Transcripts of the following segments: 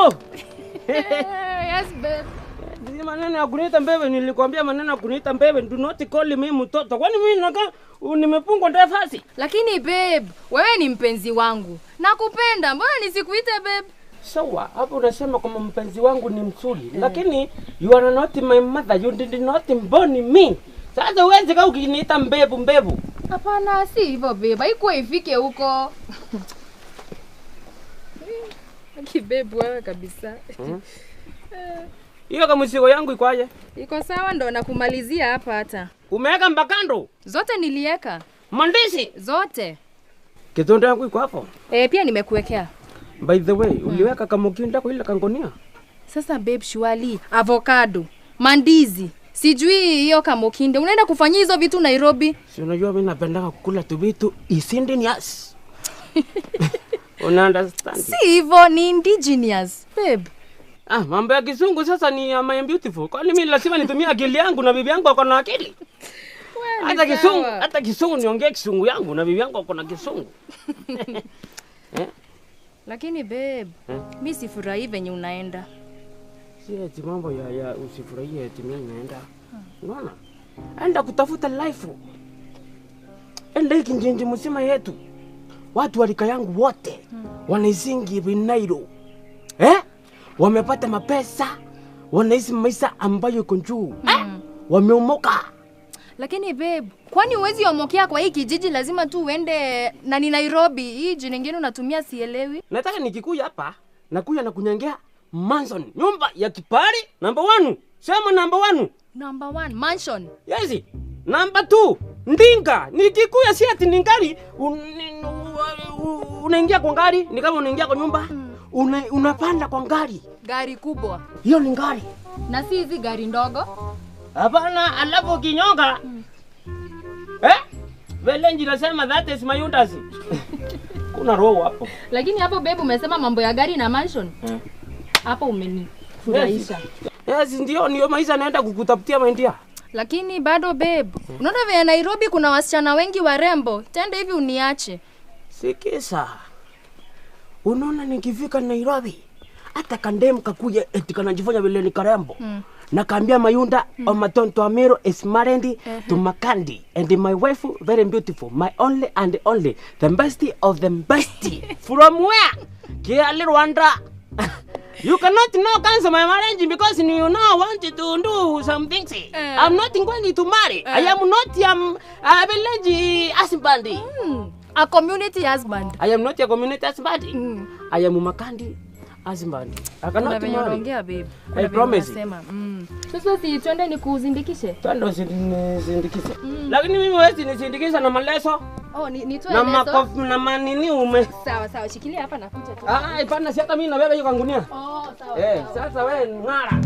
yes, babe. Ni maneno ya kuniita mbebe, nilikwambia maneno ya kuniita mbebe. Do not call me mtoto. Kwani mimi naka nafasi? Lakini babe, wewe ni mpenzi wangu. Nakupenda. Mbona nisikuite babe? Sawa, hapo unasema kwamba mpenzi wangu ni mzuri, mm. lakini you are not my mother, you did not born me. Sasa uwezi kaa ukiniita mbebu mbebu. Hapana, si hivyo beba, ikuwa ifike huko Kibebwa kabisa. Mm -hmm. Hiyo kama mzigo yangu ikwaje? Iko sawa, ndo nakumalizia hapa. Hata umeweka mbakando zote? Niliweka mandizi zote. Kitondo yangu iko hapo e, pia nimekuwekea. By the way, hmm, uliweka kamukinda kwa ile kangonia. Sasa babe, shwali avocado, mandizi sijui hiyo kamukinde, unaenda kufanya hizo vitu Nairobi? Si unajua mimi napendanga kukula tu vitu isindi niasi Una understand? Si hivyo ni indigenous, babe. Ah, mambo ya kizungu sasa ni am I beautiful? Kwani mimi lazima nitumie akili yangu na bibi yangu ako na akili? Hata kizungu, hata kizungu niongee kizungu yangu na bibi yangu ako na kisungu. eh? Lakini babe, eh? mimi sifurahi venye unaenda. Si eti mambo ya ya usifurahie eti mimi naenda. Hmm. Unaona? Hmm. Enda kutafuta life. Enda ikinjinji mzima yetu watu wa rika yangu wote hmm. wanaizingi vinairo eh? wamepata mapesa wanaishi maisha ambayo iko juu hmm. eh? Mm. wameomoka lakini babe, kwani uwezi omokea kwa hii kijiji? Lazima tu uende na ni Nairobi. Hii jina nyingine unatumia sielewi. Nataka nikikuja hapa nakuja na kunyangea mansion, nyumba ya kipari number one. Sema number one, number one mansion. Yes, number two ndinga. Nikikuja si ati ningali un, unaingia kwa gari, ni kama unaingia kwa nyumba mm. Una, unapanda kwa gari, gari kubwa hiyo ni gari, na si hizi gari ndogo. Hapana, alafu kinyonga mm. eh? Velenji nasema that is my udasi kuna roho hapo. Lakini hapo babe, umesema mambo ya gari na mansion hmm. Hapo umenifurahisha. Yes, yes, ndio ndio maisha naenda kukutafutia maindia. Lakini bado babe, Unaona vya Nairobi kuna wasichana wengi warembo, tende hivi uniache. Sikisa, unaona nikifika Nairobi hata kandemu kakuja eti kanajifanya vile ni karembo mm. nakaambia mayunda mm. matonto amiro is married uh -huh. to mhm. makandi and my wife very beautiful my only and only the best of the best from where kiali rwanda You cannot now cancel my marriage because you now want to do some things. Uh. Eh. I'm not going to marry. Uh. I eh. am not um, a village husband. Mm a community husband. I am not a community husband. Mm. I am Umakandi husband. I cannot marry. Unaongea babe. I promise. Unasema. Mm. Sasa si twende nikuzindikishe? Twende usinizindikishe. Mm. Lakini mimi huwezi nizindikisha na maleso. Oh, ni, ni tuwe na makofu na manini ume. Sawa sawa, shikilia hapa nakuja tu. Ah, hapana, eh, si hata mimi nabeba yuko kangunia. Oh, sawa. Eh, sasa wewe ng'ara.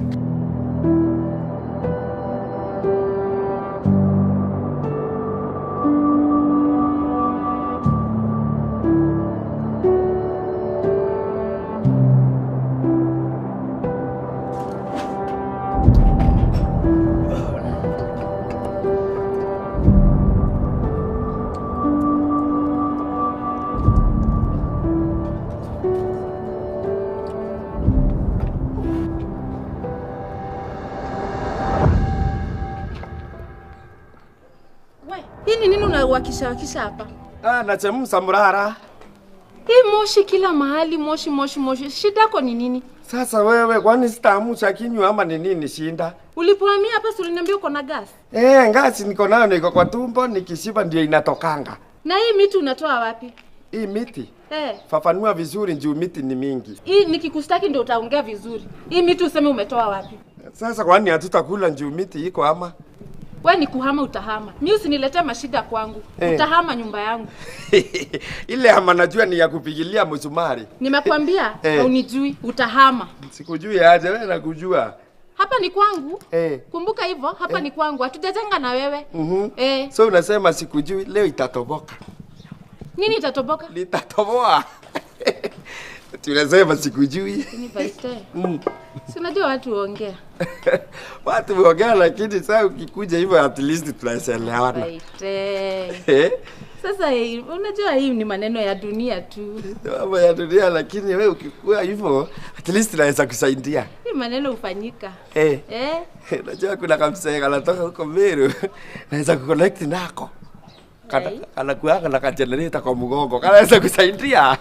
kisha kisha hapa. Ah, nachemsha mrara. Hii moshi kila mahali, moshi moshi moshi. Shida yako ni nini? Sasa wewe kwani sitaamsha kinywa ama ni nini shinda? Ulipohamia hapa si uliniambia uko na gas? Eh, gas niko nayo niko kwa tumbo nikishiba ndio inatokanga. Na hii miti unatoa wapi? Hii miti? Eh. Hey. Fafanua vizuri njoo miti ni mingi. Hii nikikustaki ndio utaongea vizuri. Hii miti useme umetoa wapi? Sasa kwani hatutakula njoo miti iko ama? We ni kuhama utahama. Mi usiniletee mashida kwangu. Hey. Eh. Utahama nyumba yangu. Ile hama najua ni ya kupigilia msumari. Nimekwambia hey. Eh. Unijui utahama. Sikujui aje wewe nakujua. Hapa ni kwangu. Hey. Eh. Kumbuka hivyo, hapa hey. Ni kwangu. Hatujajenga na wewe. mm-hmm. hey. So unasema sikujui leo itatoboka. Nini itatoboka? Litatoboa. Tunasema sikujui. Mm. Si unajua watu huongea. Watu huongea lakini sasa ukikuja hivyo at least tunaelewana. Eh? Sasa unajua hii ni maneno ya dunia tu. Mambo ya dunia lakini wewe ukikuwa hivyo at least naweza kusaidia. Hii maneno hufanyika. Eh. Eh? Unajua kuna kamsee kanatoka huko Meru. Naweza kuconnect nako. Kana, hey. na kajenereta kwa mgongo. Kanaweza kusaidia.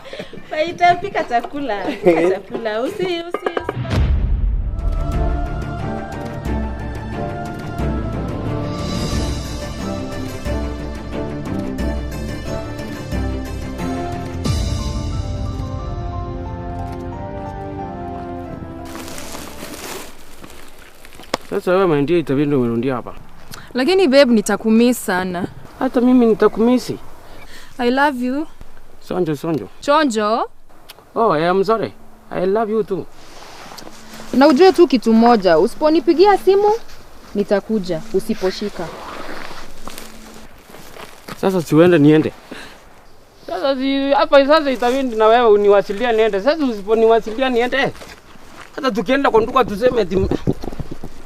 Paita, pika chakula, pika chakula. Usi, usi, usi. Sasa wewe umeniambia itabidi ndo umerundia hapa. Lakini babe, nitakumisi sana. Hata mimi nitakumisi. I love you. Sonjo, Sonjo. Chonjo. Oh, I am sorry. I love you too. Na ujue tu kitu moja, usiponipigia simu nitakuja, usiposhika. Sasa siuende niende. Sasa si hapa sasa itabidi na wewe uniwasilia niende. Sasa usiponiwasilia niende. Hata tukienda kwa nduka tuseme ati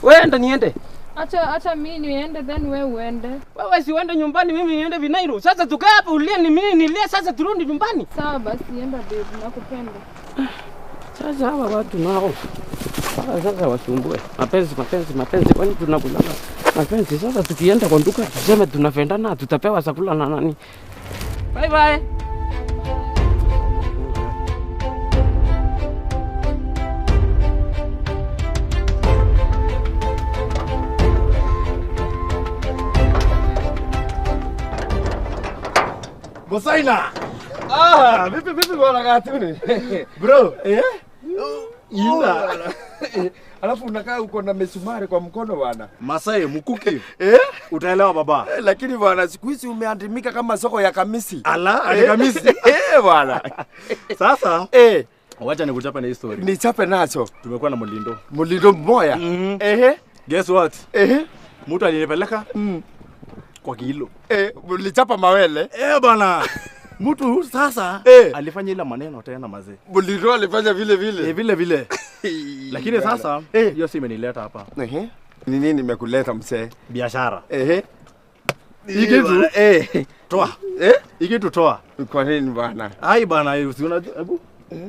wewe enda niende. Acha acha mimi niende then wewe uende. Wewe si uende nyumbani mimi niende Vinairo. Sasa tukae hapa ulie ni mimi nilie sasa turudi nyumbani. Sawa basi enda babe nakupenda. Sasa hawa watu nao. Sasa sasa wasumbue. Mapenzi mapenzi mapenzi kwani tunakulala. Mapenzi sasa tukienda kwa nduka tuseme tunavendana tutapewa chakula na nani? Bye bye. Bosaina. Ah, vipi vipi bwana Gatuni? Bro, eh? Oh, Ila. Alafu unakaa uko na mesumari kwa mkono bwana. Masai mkuki. Eh? Utaelewa baba. Eh, lakini bwana siku hizi umeandimika kama soko ya kamisi. Ala, eh? ya kamisi. eh bwana. Sasa eh Wacha nikuchape na history. Nichape nacho. Tumekuwa na Mulindo. Mulindo mmoja. Mm -hmm. Ehe. Guess what? Ehe. Mtu alinipeleka. Mm kwa kilo eh, mlichapa mawele eh bana mtu huyu sasa eh, alifanya ile maneno tena mazee, Bulirua alifanya vile vile eh, vile vile lakini sasa eh. hiyo eh, si imenileta hapa Eh. Ni nini nimekuleta mzee? Biashara ehe, ikitu eh, toa eh, ikitu toa. Kwa nini bana? Ai bana, usiona hebu eh,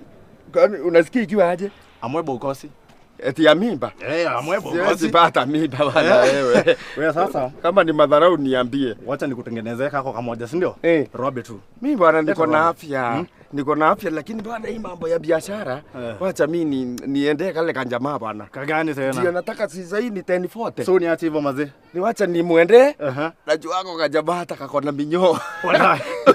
kwani unasikia ikiwa aje amwebo ukosi Eti ya mimba? Eh, ya mwebo. Siwezi pata mimba bwana eh. wewe. Wewe sasa. Kama ni madharau niambie. Wacha nikutengenezee kako kamoja, si ndio? Eh. Robe tu. Mimi bwana niko na afya. Hmm? Niko na afya lakini bwana hii mambo ya biashara. Eh. Wacha mimi ni, niendee kale kanjamaa bwana. Kagani tena? Ndio nataka si zaidi 1040. So niache hivyo maze. Ni wacha nimuende. Uh -huh. Najua kako kanjamaa hata kako na minyoo.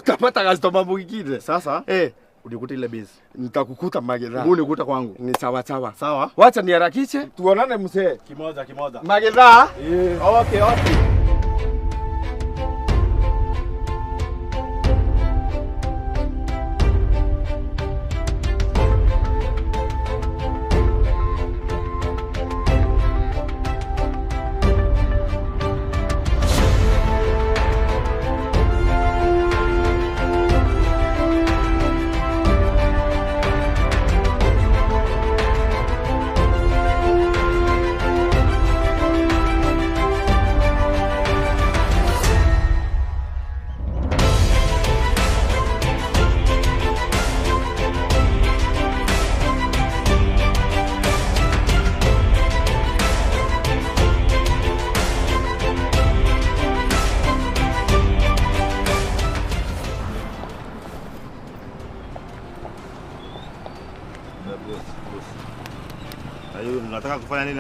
Unapata customer mwingine. Sasa. Eh. Unikute ile base. Nitakukuta Magedha. Unikuta kwangu. Ni sawa sawa. Sawa. Wacha niharakishe. Tuonane mzee. Kimoja kimoja. Magedha. Yeah. Okay, okay.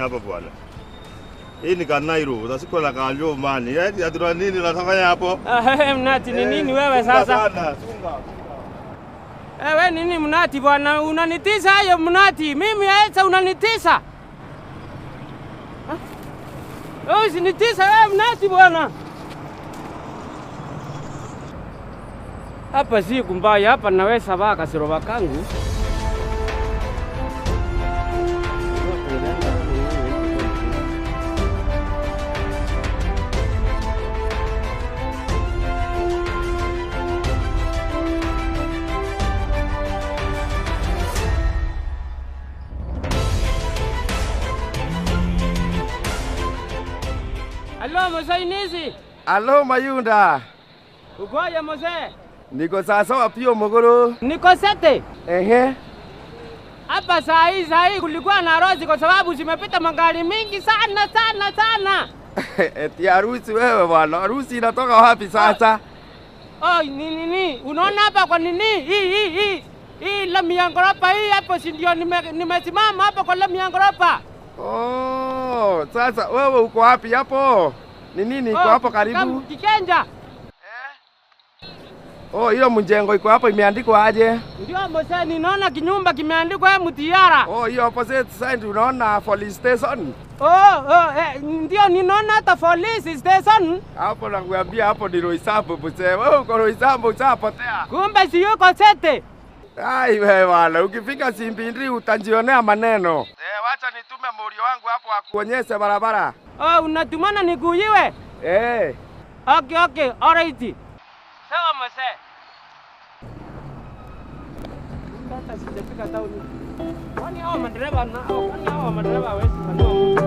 hapa bwana. Hii ni Kanairo, utasiko la kanjo mani. Yaani atuna nini unafanya hapo? Eh, mnati ni eh, nini wewe sasa? Eh, wewe nini mnati bwana? Unanitisa hayo mnati. Mimi acha unanitisa. Eh, wewe usinitisa wewe mnati bwana. Hapa si kumbaya, hapa naweza vaa kasiro vakangu. musainizi alo mayunda ugoye muzee niko sasawa pio mogoro niko sete ehe hapa saa hii saa hii kulikuwa na harusi kwa sababu zimepita magari mingi sana sana sana eti harusi wewe bwana harusi inatoka wapi sasa oh, oh ni nini unaona hapa kwa nini hii hii hii hii la ya hii hapo si ndio nimesimama nime hapo kwa la ya oh sasa wewe uko wapi hapo ni nini iko oh, hapo karibu? Kikenja. Eh. Oh, hiyo mjengo iko hapo imeandikwa aje? Ndio mose, ninaona kinyumba kimeandikwa hapo mtiara. Oh, hiyo opposite side unaona police station? Oh, oh, eh, ndio ninaona hata police station. Hapo nakwambia hapo ni Roisambo mse. Wewe uko Roisambo usapotea. Kumbe si yuko sete. Ai wewe wala, ukifika Simbindri utajionea maneno. Eh. Acha nitume mori wangu hapo akuonyeshe barabara. Oh, unatumana niguiwe? Eh. Hey. Okay, okay. Alright. Sawa mzee. Hata sijafika tauni. Kwani hao madereva na kwani hao madereva wesi kununua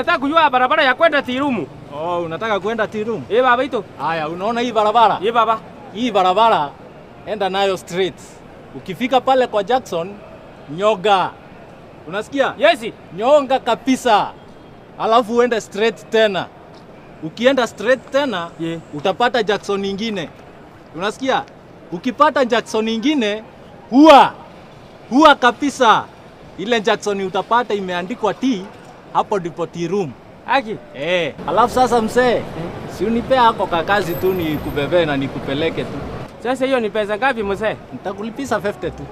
nataka kujua barabara ya kwenda Tirumu. Oh, unataka kwenda Tirumu? Eh, baba ito. Haya, unaona hii barabara? Eh, baba. Hii barabara enda nayo straight. Ukifika pale kwa Jackson, nyoga. Unasikia? Yesi. Nyonga kabisa. Alafu uende straight tena. Ukienda straight tena, yeah. utapata Jackson ingine. Unasikia? Ukipata Jackson ingine, huwa huwa kabisa ile Jackson utapata imeandikwa T hapo ndipo tea room. Aki? Eh. Alafu sasa msee, eh. si unipe hako kakazi tu ni kubebe na ni kupeleke tu. Sasa hiyo ni pesa ngapi msee? Nitakulipisa 50 tu.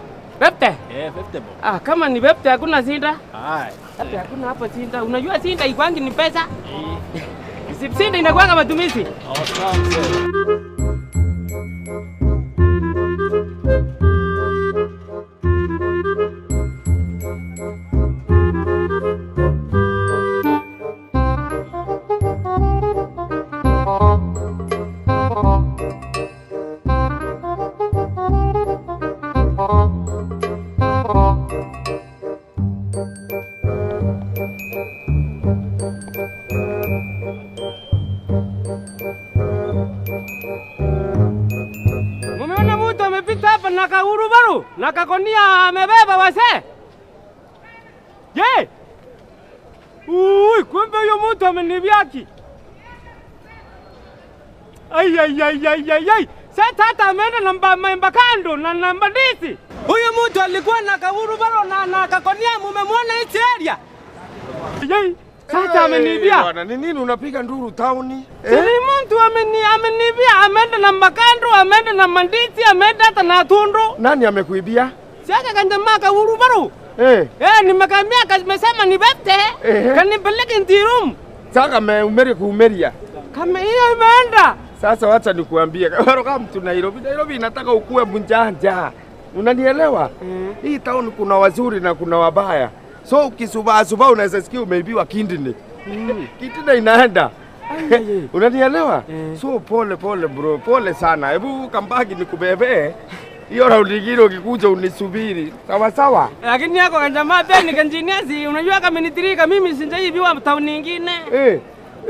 50? Eh, 50 bo. Ah, kama ni 50 hakuna shinda. Hai. Hata eh. hakuna hapo shinda. Unajua shinda ikwangi ni pesa? Eh. Sipsinda inakuanga matumizi. Oh, sawa na kakonia amebeba wase. Je, uy, kumbe huyo mtu amenibiaki. Ai, ai, ai, ai, ai, ai. Sasa hata ameenda na mba kando na na mbandisi. Huyu mtu alikuwa na kaburu baro na na kakonia, mumemwona hichi area. Yei. Sasa eh, amenibia. Bwana, Ni nini unapiga nduru tauni? Eh? Mtu ameni amenibia, ameenda na Makandu, ameenda na mandizi, ameenda hata na Tundu. Nani amekuibia? Sasa kanda maka urubaru. Eh. Eh, ni nimekambia kasema nibete. Eh. Kanipeleke Ntirum. Sasa me umeri kuumeria. Kama hiyo imeenda. Sasa wacha nikuambie, Baro kama mtu Nairobi, Nairobi nataka ukue bunjanja. Unanielewa? Mm. Hii town kuna wazuri na kuna wabaya so ukisubasubaa unaweza sikia umeibiwa kindini mm. kidney inaenda unanielewa? Eh. So pole pole bro, pole sana. Hebu kambagi nikubebee hiyo raundi ingine, ukikuja unisubiri sawa sawa. Lakini yako kanjamaa ni kanjiniazi, unajua kamenitirika mimi, sijaibiwa tauni nyingine eh.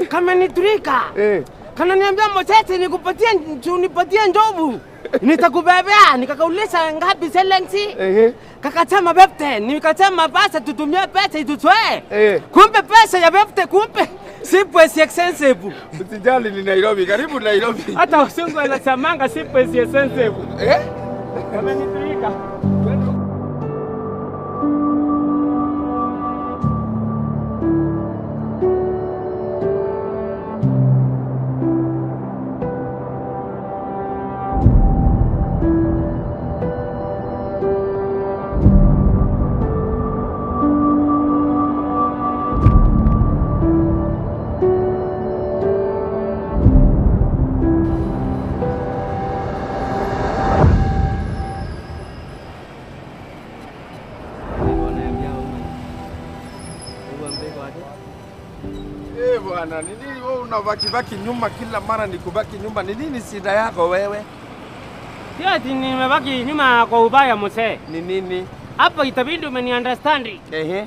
kamenitirika eh kananiambia Moseti, nikupatie unipatie njovu nitakubebea. Nikakauliza ngapi selensi? Kakasema befte. Nikasema basi tutumie pesa itutwee. Kumbe pesa ya bepte kumbe sipwe si expensive. Usijali, ni Nairobi, karibu Nairobi. Hata usungu anasemanga sipwe si expensive. Eh? Wamenitrika. Mbona ubakibaki nyuma kila mara? Ni kubaki nyuma ni nini? Shida yako wewe? Sio ati nimebaki nyuma kwa ubaya mzee. Ni nini? Hapo itabidi umeniunderstand. Ehe.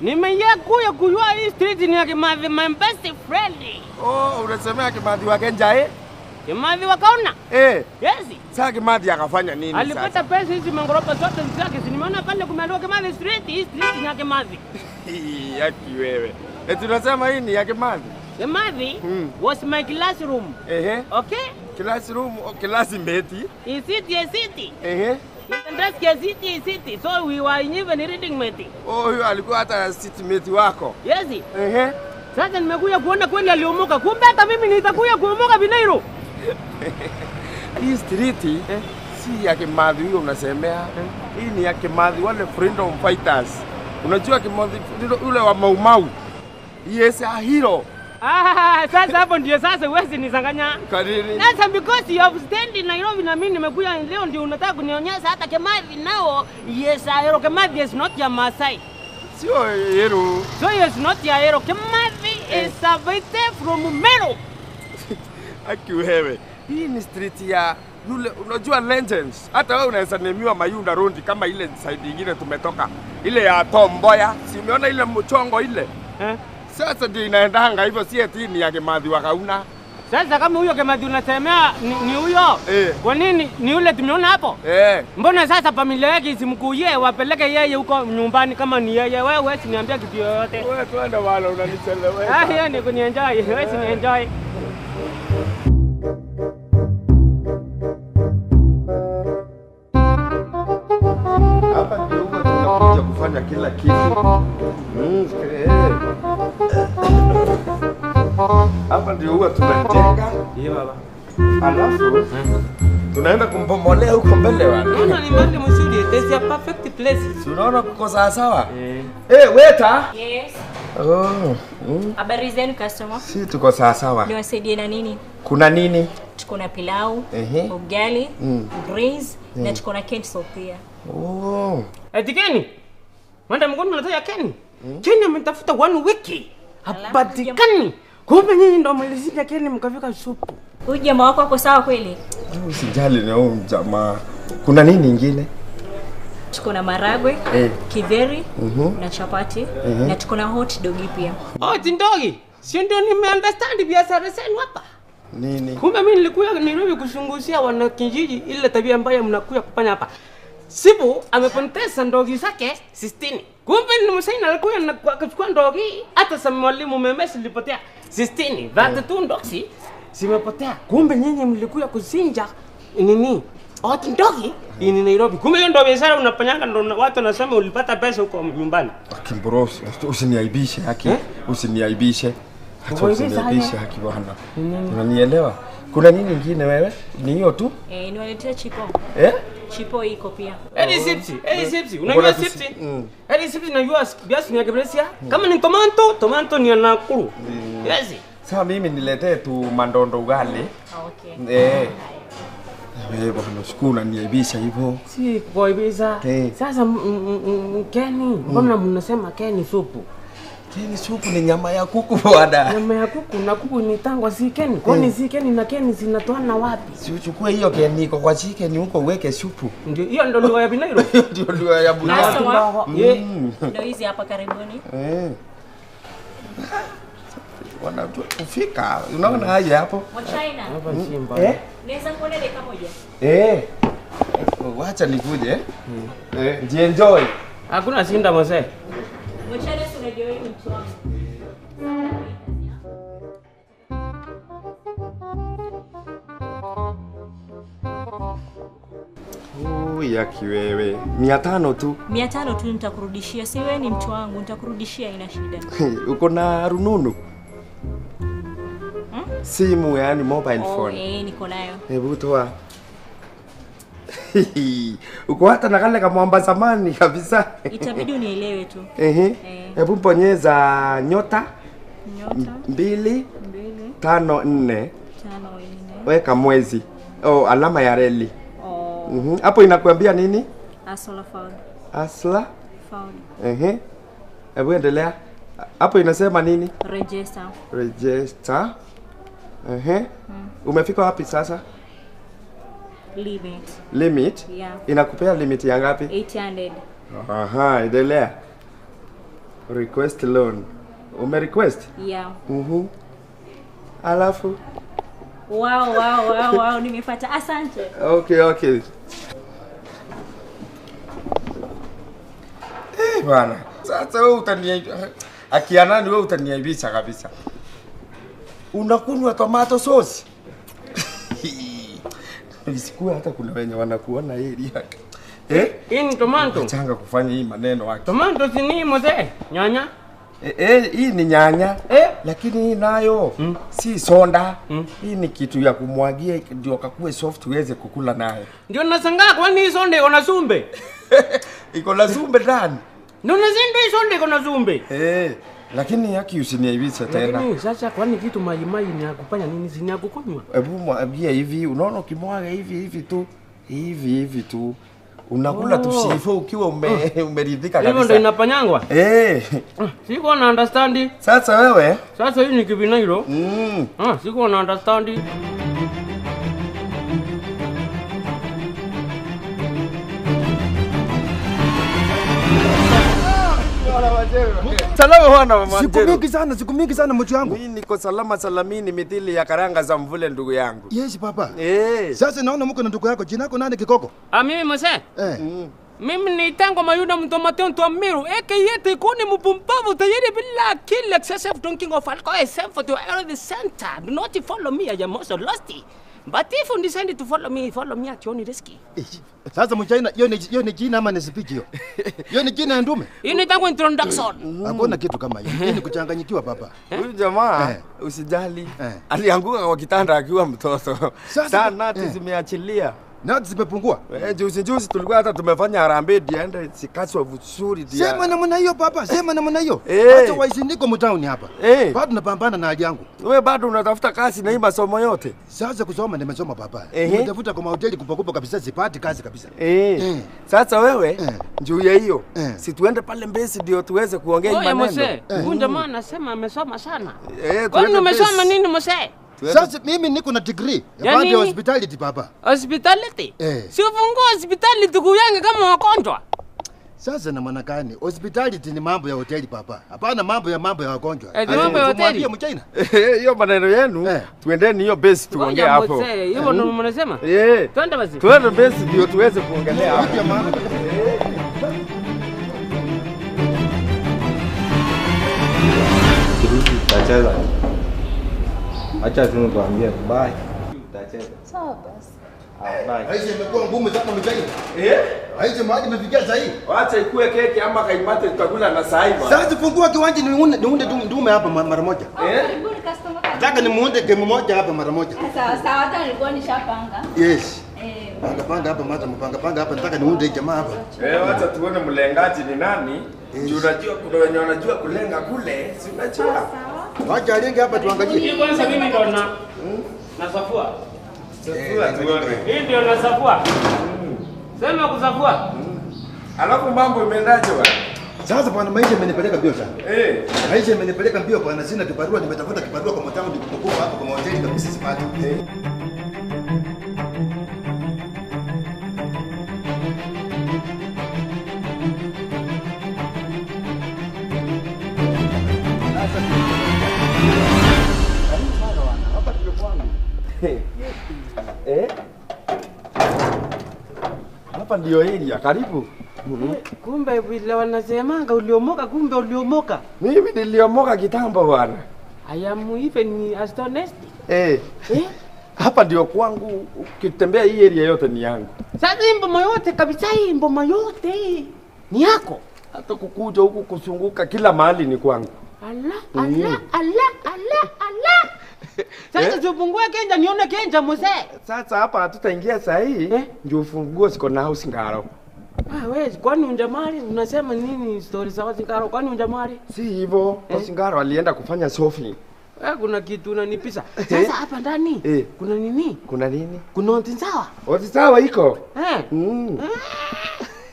Nimeingia kuya kujua hii street ni ya Kimathi, my best friend. Oh, unasemea Kimathi wa Kenja eh? Kimathi wakaona? Eh. Yes. Sasa Kimathi akafanya nini sasa? Alipata pesa hizi mangoropa zote zake, si nimeona pale kumeandikwa Kimathi street, hii street ni ya Kimathi. Yaki wewe. Eti unasema hii ni ya Kimathi? The mother hmm. was my classroom. Uh -huh. Okay? Classroom, or oh, classmate. Is it a city? Uh -huh. Ehe. Ndasikia city city. So we were in even reading mate. Oh, you huyo alikuwa a city mate wako. Yes. Ehe. Sasa nimekuja kuona kweli aliomoka. Kumbe hata mimi nitakuja kuomoka Binairo. Hii street eh? si ya Kimathi huyo unasemea. Eh? Hii ni ya Kimathi wale freedom fighters. Unajua Kimathi yule wa Maumau. Yes, a ah, hero. Ah, sasa hapo ndio sasa uwezi nizanganya. Kadiri. Sasa because you have stand in Nairobi na mimi nimekuja leo ndio unataka kunionyesha hata Kemathi nao yes Ahero Kemathi is not your Maasai. Sio Ahero. So is not your Ahero. Kemathi eh. is a vite from Meru. Aki wewe. Hii ni street ya yule unajua legends. Hata wewe unaweza nemiwa Mayunda Road kama ile side nyingine tumetoka. Ile ya Tom Si umeona ile mchongo ile? Eh? Sasa ndio inaendanga hivyo, si eti ni ya Kimathi wa Kauna. Sasa kama huyo Kimathi unasemea ni huyo eh, kwa nini ni yule tumeona hapo eh? Mbona sasa familia yake isimkuye wapeleke yeye huko nyumbani? Kama ni yeye, wewe wewe, siniambia kitu yoyote. Wewe twende wala unanichelewesha. Ah, hiyo ni kunienjoy, wewe sinienjoy ndio huwa tunajenga. Ndiyo baba. Alafu hmm. tunaenda kumpomolea huko mbele Unaona kuko sawa sawa? Eh. Eh, oh, hmm. Habari zenu customer? Si tuko sawa Niwasaidie na nini? Kuna nini? Tuko na pilau, ugali, greens hmm. na tuko na canned pia. Oh. Eti Keni? Mwenda mkono unataka Keni? Keni ametafuta one wiki. Hapatikani. Kumbe nyinyi ndo mlizinja kile mkavika supu. Huyu jamaa wako hapo sawa kweli? Usijali na huyu jamaa. Kuna nini nyingine? Tuko na maragwe, eh, kiveri, -hmm. na chapati, mm -hmm. na tuko na hot dog pia. Hot dog? Si ndio nimeunderstand biashara zenu hapa? Nini? Kumbe mimi nilikuwa Nairobi kushungusia kijiji ile tabia mbaya mnakuja kufanya hapa. Sibu amepoteza ndogi zake 60. Kumbe ni msaini alikuwa anachukua ndogi hata sa mwalimu memesi lipotea. Sistini, vatu eh. tu ndoki Simepotea. Kumbe nyinyi mlikuja kuzinja nini Watu ndogi ini Nairobi. Kumbe hiyo ndio biashara unafanyanga, ndio watu wanasema ulipata pesa huko nyumbani. Akimboros, usiniaibishe haki, eh? usiniaibishe hata usiniaibishe haki bwana, unanielewa? Kuna nini ingine wewe? Ni hiyo tu eh? Niwaletea chiko eh? chipo iko pia. Eni sipsi, oh. eni sipsi, unajua sipsi? Eni sipsi mm. najua biasi ni ya mm. Kama ni tomato, tomato ni anakulu. Mm. Yesi. Sasa mimi niletee tu mandondo ugali. Ah, okay. Eh. Wewe eh, bwana shukuru unaniaibisha hivyo. Si kuaibisha. Eh. Sasa Keni, mbona mnasema Keni supu? Chini supu ni nyama ya kuku bwana. Nyama ya kuku na kuku ni tangwa inatangwa chicken. Kwani hmm, eh. keni na keni zinatoana wapi? Si uchukue hiyo keni iko kwa chicken huko uweke supu. Ndio hiyo ndio lugha ya Binairo. Ndio lugha ya Binairo. Mm. Ndio hizi hapa karibuni. Eh. Wana kufika. Unaona haja mm. hapo? Wa China. Hapa Simba. Eh? Naweza kuona dakika moja. Eh. Wacha nikuje. Mm. Eh. Jienjoy. Hakuna shinda mzee. Wa yaki wewe. Mia tano tu. Mia tano tu nitakurudishia. Si wewe ni mtu wangu, nitakurudishia ina shida. Uko na rununu? Hmm? Simu yani mobile oh, phone. Eh, niko nayo. Hebu toa. Uko hata na kale kama zamani kabisa. Itabidi unielewe tu. Ehe. Eh. Hebu bonyeza nyota, mbili, tano nne weka mwezi oh, alama ya reli oh. Mhm. hapo. oh. mm -hmm. Inakuambia nini? Asla faul. Asla faul. hebu endelea hapo, inasema nini? Register. Register. Ehe. Mm. Umefika wapi sasa? Limit. Limit? Yeah. Inakupea limit ya ngapi? 800. Aha, endelea request loan. Ume oh, request? Yeah. Mhm. Mm Alafu Wow, wow, wow, wow, nimepata. Asante. Okay, okay. Eh, bwana. Sasa wewe utaniaibisha. Akianani wewe utaniaibisha kabisa. Unakunywa tomato sauce? Isikuwa hata kuna wenye wanakuona yeye yake. Eh? Hii ni tomato. Changa kufanya hii maneno wake. Tomato si ni mzee? Nyanya. Eh, eh, hii ni nyanya eh? Lakini hii nayo mm. si sonda. mm. Hii ni kitu ya kumwagia ndio kakue soft uweze kukula nayo. Ndio nasangaa kwa nini sonda iko na zumbe? iko na zumbe ndani. Ndio na zumbe sonda iko na zumbe. Eh, lakini yaki usiniaibisha tena. Lakini sasa kwa nini kitu maji maji ni akufanya nini sini akukunywa? Hebu mwambie hivi, unaona kimwaga hivi hivi tu hivi hivi tu Unakula tu oh. sifo ukiwa ume, mm. umeridhika kabisa. Hivyo ndio inapanyangwa? Eh. Uh, mm, siko na understand. Sasa wewe? Sasa hii ni kivinailo. Mm. Ah, uh, siko na understand. Salama bwana mama. Siku mingi sana, siku mingi sana mtu yangu. Mimi niko salama salamini mithili ya karanga za mvule ndugu yangu. Yes papa. Eh. Sasa naona mko na ndugu yako. Jina lako nani kikoko? Ah mimi mose. Eh. Mm. Mimi ni tango mayuda mto mateo mto amiru. eke yete kuni mpumbavu tayiri bila kila excessive drinking of alcohol is harmful to health center. Do not follow me, I am also lost. But if you decide to follow me, follow me at your own risk. Sasa mchaina, hiyo ni jina ama ni speech hiyo? Hiyo ni jina ya ndume? Hiyo ni tangu introduction. Mm. Hakuna kitu kama hiyo. Mimi kuchanganyikiwa baba. Eh? Huyu jamaa eh. usijali. Eh. Alianguka kwa kitanda akiwa mtoto. Sana zimeachilia. Noti zimepungua. Eh, juzi juzi tulikuwa hata tumefanya harambee diende sikaswa vizuri dia. Sema na namna hiyo baba, sema na namna hiyo. Hata eh. Acha waisindiko mtauni hapa. Eh. Bado napambana na hali yangu. Wewe bado unatafuta kazi na hii masomo yote. Sasa kusoma nimesoma baba. Eh. Unatafuta kwa mahoteli kupakupa kabisa sipati kazi kabisa. Eh. eh. Sasa wewe eh. juu ya hiyo si tuende pale Mbezi ndio tuweze kuongea maneno. Wewe mzee, Gunda maana sema amesoma sana. Eh, tuende. Kwani umesoma nini mzee? Sasa mimi niko na degree ya bado hospitality baba. Hospitality? Eh. Si ufungue hospitality ndugu yangu kama wagonjwa. Sasa na maana gani? Hospitality ni mambo ya hoteli baba. Hapana mambo ya mambo ya wagonjwa. Eh, ni mambo ya hoteli. mchaina. Eh, eh, hiyo maneno yenu. Eh. Tuendeni hiyo base tuongee hapo. Hiyo ndio mnasema? Eh. Twende basi. Twende base ndio tuweze kuongelea hapo. Tacheza. Acha tu nikwambie bye. Sawa basi. Ah, Aisha imekuwa ngumu sasa mjai. Eh? Aisha maji imefikia sahi. Acha ikue keki ama kaimate tutakula na saiba. Sasa fungua kiwanja niunde niunde ndume hapa mara moja. Ah, eh? Nataka nimuunde game moja hapa mara moja. Ah, sawa sawa hata nilikuwa nishapanga. Yes. Eh. Panga panga hapa mata mpanga panga hapa nataka niunde jamaa hapa. Eh, acha tuone mlengaji ni nani? Unajua kuna wenye wanajua kulenga kule, si unajua. Wacha alenge hapa tuangalie. Hii kwanza mimi ndo na hmm? nasafua. Eh, tuone. Hii ndio nasafua. Hmm. Sema kusafua. Hmm. Alafu mambo imeendaje bwana? Sasa bwana, maisha imenipeleka mbio sana. Eh. Maisha imenipeleka mbio bwana, sina kibarua, nimetafuta kibarua kwa mtambo nikukupa hapa kwa hoteli kabisa sipati. Eh. Eh? Hapa ndio area, karibu. Mhm. Kumbe vile wanasemanga uliomoka, kumbe uliomoka. Mimi niliomoka kitambo bwana. I am even astonished. Eh. Eh? Hapa ndio kwangu, ukitembea hii area yote ni yangu. Sasa hii mboma yote kabisa, hii mboma yote ni yako. Hata kukuja huku kusunguka kila mahali ni kwangu. Allah, mm. Allah, Allah, Allah, Allah. Sasa eh? Tufungue kenja nione kenja mzee. Sasa hapa hatutaingia saa hii. Eh? Ndio ufunguo siko nao singaro. Ah, wewe kwani unjamali unasema nini story za Singaro? Kwani unjamali? Si hivyo. Eh? Singaro alienda kufanya sofi. Eh, kuna kitu unanipisa. Eh? Sasa eh? hapa ndani eh? kuna nini? Kuna nini? Kuna otinsawa. Otinsawa iko. Eh. Mm. Eh.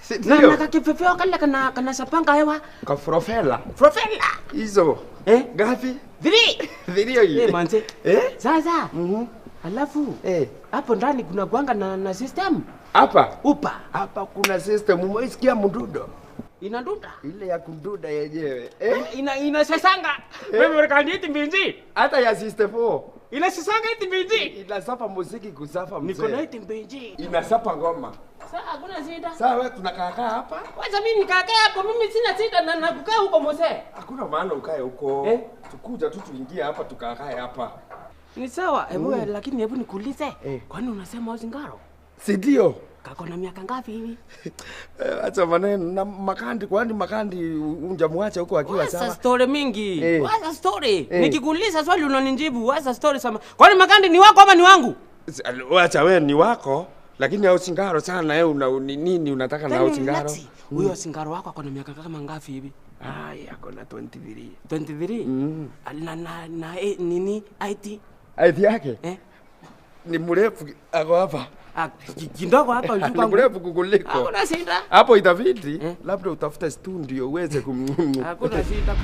Na kana kana sapanga hewa. Ka Hizo. Eh? Vili. hiyo. Eh manze. Eh? Sasa. Mhm. Alafu eh, hapo ndani kuna kwanga na, na system hapa upa hapa kuna system, umeisikia mdudo inadunda ile ya kududa yenyewe eh? ina ina inasesanga eh? wewe rekandi eti mbinzi hata ya sister 4 inasesanga eti mbinzi inasapa muziki kusafa mzee niko na eti mbinzi inasapa ngoma sasa hakuna shida sasa wewe tunakaa hapa wacha mimi nikakaa hapo mimi sina shida na nakukaa huko mzee hakuna maana ukae huko eh? tukuja tu tuingie hapa tukakae hapa ni sawa mm. hebu lakini hebu nikuulize eh. kwani unasema uzingaro si ndio kakona miaka ngapi hivi? Eh, acha maneno na makandi, kwani makandi unjamwacha huko akiwa sawa? Sasa story mingi. Eh. Waza story. Eh. Nikikuuliza swali unanijibu waza story sama. Kwani makandi ni wako ama ni wangu? Acha wewe ni wako. Lakini au singaro sana wewe una nini unataka na au singaro? Mm. Huyo hmm. singaro wako akona miaka kama ngapi hivi? Ai, akona 23. 23? Mm. Na, na, na, eh, nini? IT? IT yake? Eh? ni mrefu ako hapa ah, kidogo hapa mjukuu wangu. Mrefu kukuliko. Hakuna shida. Hapo itafiti, hmm? Labda utafute studio uweze kum. Hakuna shida.